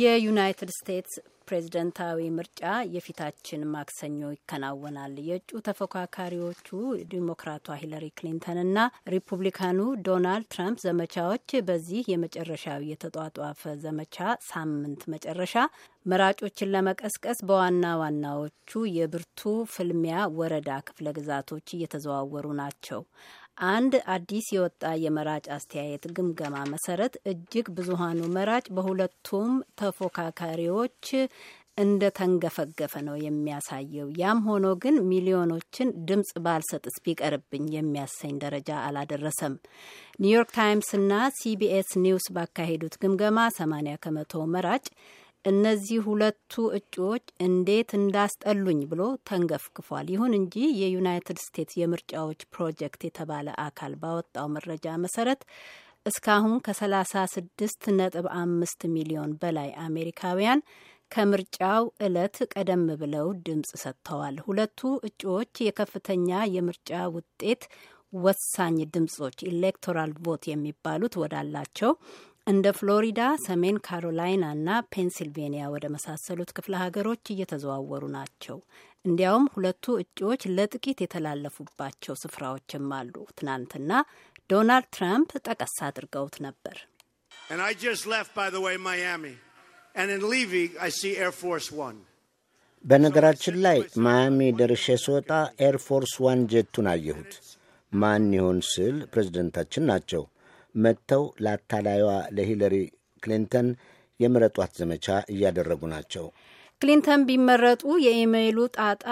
የዩናይትድ ስቴትስ ፕሬዝደንታዊ ምርጫ የፊታችን ማክሰኞ ይከናወናል። የእጩ ተፎካካሪዎቹ ዲሞክራቷ ሂለሪ ክሊንተንና ሪፑብሊካኑ ዶናልድ ትራምፕ ዘመቻዎች በዚህ የመጨረሻዊ የተጧጧፈ ዘመቻ ሳምንት መጨረሻ መራጮችን ለመቀስቀስ በዋና ዋናዎቹ የብርቱ ፍልሚያ ወረዳ ክፍለ ግዛቶች እየተዘዋወሩ ናቸው። አንድ አዲስ የወጣ የመራጭ አስተያየት ግምገማ መሰረት እጅግ ብዙሃኑ መራጭ በሁለቱም ተፎካካሪዎች እንደ ተንገፈገፈ ነው የሚያሳየው። ያም ሆኖ ግን ሚሊዮኖችን ድምጽ ባልሰጥስ ቢቀርብኝ የሚያሰኝ ደረጃ አላደረሰም። ኒውዮርክ ታይምስና ሲቢኤስ ኒውስ ባካሄዱት ግምገማ 80 ከመቶ መራጭ እነዚህ ሁለቱ እጩዎች እንዴት እንዳስጠሉኝ ብሎ ተንገፍግፏል። ይሁን እንጂ የዩናይትድ ስቴትስ የምርጫዎች ፕሮጀክት የተባለ አካል ባወጣው መረጃ መሰረት እስካሁን ከ36 ነጥብ አምስት ሚሊዮን በላይ አሜሪካውያን ከምርጫው ዕለት ቀደም ብለው ድምፅ ሰጥተዋል። ሁለቱ እጩዎች የከፍተኛ የምርጫ ውጤት ወሳኝ ድምጾች ኤሌክቶራል ቮት የሚባሉት ወዳላቸው እንደ ፍሎሪዳ፣ ሰሜን ካሮላይና እና ፔንሲልቬንያ ወደ መሳሰሉት ክፍለ ሀገሮች እየተዘዋወሩ ናቸው። እንዲያውም ሁለቱ እጩዎች ለጥቂት የተላለፉባቸው ስፍራዎችም አሉ። ትናንትና ዶናልድ ትራምፕ ጠቀስ አድርገውት ነበር። በነገራችን ላይ ማያሚ ደርሼ ስወጣ ኤርፎርስ ዋን ጄቱን አየሁት። ማን ይሆን ስል ፕሬዚደንታችን ናቸው መጥተው ለአታላዩዋ ለሂለሪ ክሊንተን የምረጧት ዘመቻ እያደረጉ ናቸው። ክሊንተን ቢመረጡ የኢሜይሉ ጣጣ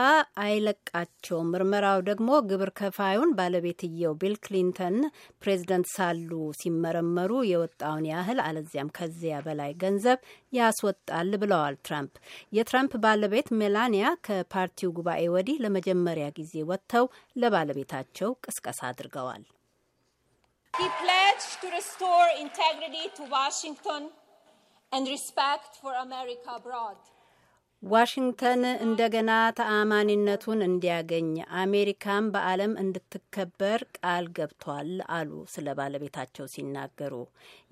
አይለቃቸው። ምርመራው ደግሞ ግብር ከፋዩን ባለቤትየው ቢል ክሊንተን ፕሬዝደንት ሳሉ ሲመረመሩ የወጣውን ያህል አለዚያም ከዚያ በላይ ገንዘብ ያስወጣል ብለዋል ትራምፕ። የትራምፕ ባለቤት ሜላኒያ ከፓርቲው ጉባኤ ወዲህ ለመጀመሪያ ጊዜ ወጥተው ለባለቤታቸው ቅስቀሳ አድርገዋል። He pledged to restore integrity to Washington and respect for America abroad. ዋሽንግተን እንደገና ተአማኒነቱን እንዲያገኝ አሜሪካም በዓለም እንድትከበር ቃል ገብቷል አሉ ስለ ባለቤታቸው ሲናገሩ።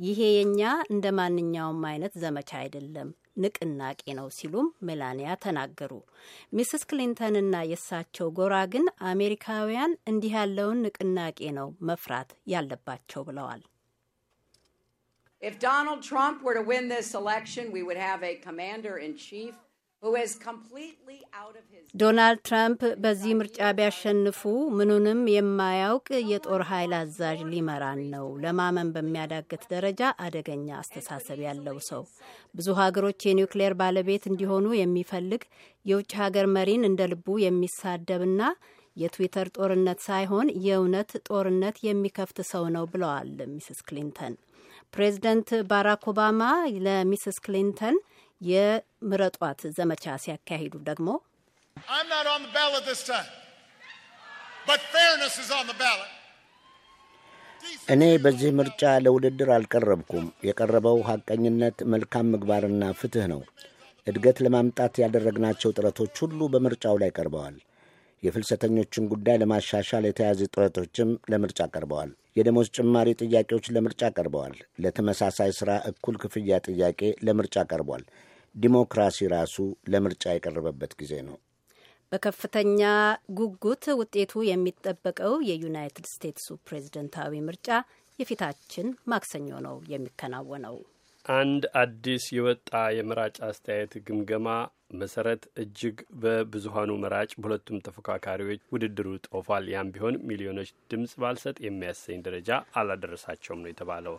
ይሄ የኛ እንደ ማንኛውም አይነት ዘመቻ አይደለም፣ ንቅናቄ ነው ሲሉም ሜላንያ ተናገሩ። ሚስስ ክሊንተንና የእሳቸው ጎራ ግን አሜሪካውያን እንዲህ ያለውን ንቅናቄ ነው መፍራት ያለባቸው ብለዋል። If Donald Trump were to win this election, we would have a commander in chief. ዶናልድ ትራምፕ በዚህ ምርጫ ቢያሸንፉ ምኑንም የማያውቅ የጦር ኃይል አዛዥ ሊመራን ነው። ለማመን በሚያዳግት ደረጃ አደገኛ አስተሳሰብ ያለው ሰው፣ ብዙ ሀገሮች የኒውክሌር ባለቤት እንዲሆኑ የሚፈልግ የውጭ ሀገር መሪን እንደ ልቡ የሚሳደብና የትዊተር ጦርነት ሳይሆን የእውነት ጦርነት የሚከፍት ሰው ነው ብለዋል ሚስስ ክሊንተን። ፕሬዚደንት ባራክ ኦባማ ለሚስስ ክሊንተን የምረጧት ዘመቻ ሲያካሂዱ ደግሞ እኔ በዚህ ምርጫ ለውድድር አልቀረብኩም። የቀረበው ሐቀኝነት፣ መልካም ምግባርና ፍትሕ ነው። እድገት ለማምጣት ያደረግናቸው ጥረቶች ሁሉ በምርጫው ላይ ቀርበዋል። የፍልሰተኞችን ጉዳይ ለማሻሻል የተያዙ ጥረቶችም ለምርጫ ቀርበዋል። የደሞዝ ጭማሪ ጥያቄዎች ለምርጫ ቀርበዋል። ለተመሳሳይ ሥራ እኩል ክፍያ ጥያቄ ለምርጫ ቀርቧል። ዲሞክራሲ ራሱ ለምርጫ የቀረበበት ጊዜ ነው። በከፍተኛ ጉጉት ውጤቱ የሚጠበቀው የዩናይትድ ስቴትሱ ፕሬዝደንታዊ ምርጫ የፊታችን ማክሰኞ ነው የሚከናወነው። አንድ አዲስ የወጣ የመራጭ አስተያየት ግምገማ መሰረት እጅግ በብዙሀኑ መራጭ በሁለቱም ተፎካካሪዎች ውድድሩ ጦፏል። ያም ቢሆን ሚሊዮኖች ድምጽ ባልሰጥ የሚያሰኝ ደረጃ አላደረሳቸውም ነው የተባለው።